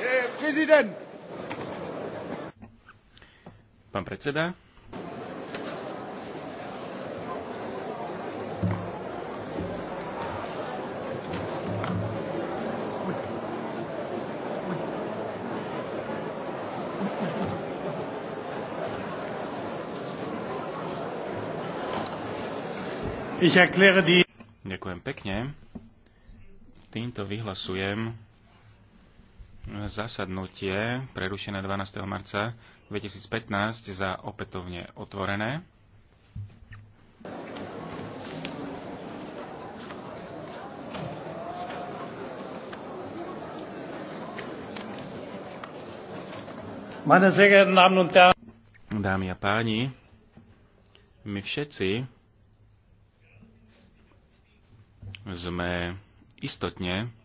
Eh, Prezident. Pán predseda. Ďakujem pekne. Týmto vyhlasujem zasadnutie prerušené 12. marca 2015 za opätovne otvorené. Meine sehr geehrten Damen und Herren, Dámy a páni, my všetci sme istotne